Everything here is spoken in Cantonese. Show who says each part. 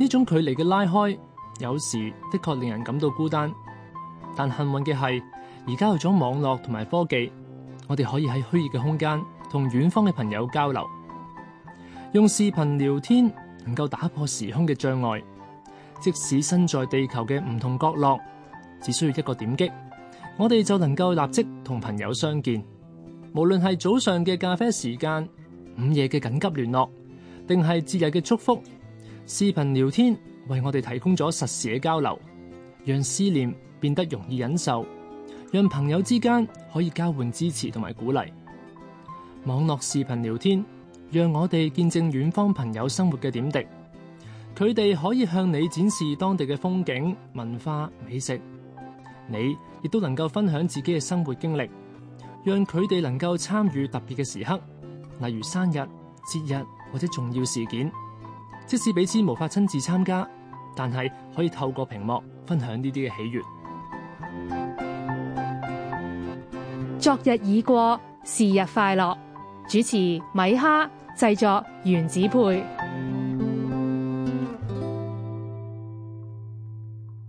Speaker 1: 呢種距離嘅拉開，有時的確令人感到孤單。但幸運嘅係，而家有咗網絡同埋科技，我哋可以喺虛擬嘅空間同遠方嘅朋友交流。用視頻聊天能夠打破時空嘅障礙，即使身在地球嘅唔同角落，只需要一個點擊，我哋就能夠立即同朋友相見。無論係早上嘅咖啡時間、午夜嘅緊急聯絡，定係節日嘅祝福。視頻聊天為我哋提供咗實時嘅交流，讓思念變得容易忍受，讓朋友之間可以交換支持同埋鼓勵。網絡視頻聊天讓我哋見證遠方朋友生活嘅點滴，佢哋可以向你展示當地嘅風景、文化、美食。你亦都能夠分享自己嘅生活經歷，讓佢哋能夠參與特別嘅時刻，例如生日、節日或者重要事件。即使彼此無法親自參加，但係可以透過屏幕分享呢啲嘅喜悅。昨日已過，是日快樂。主持米哈，製作原子配。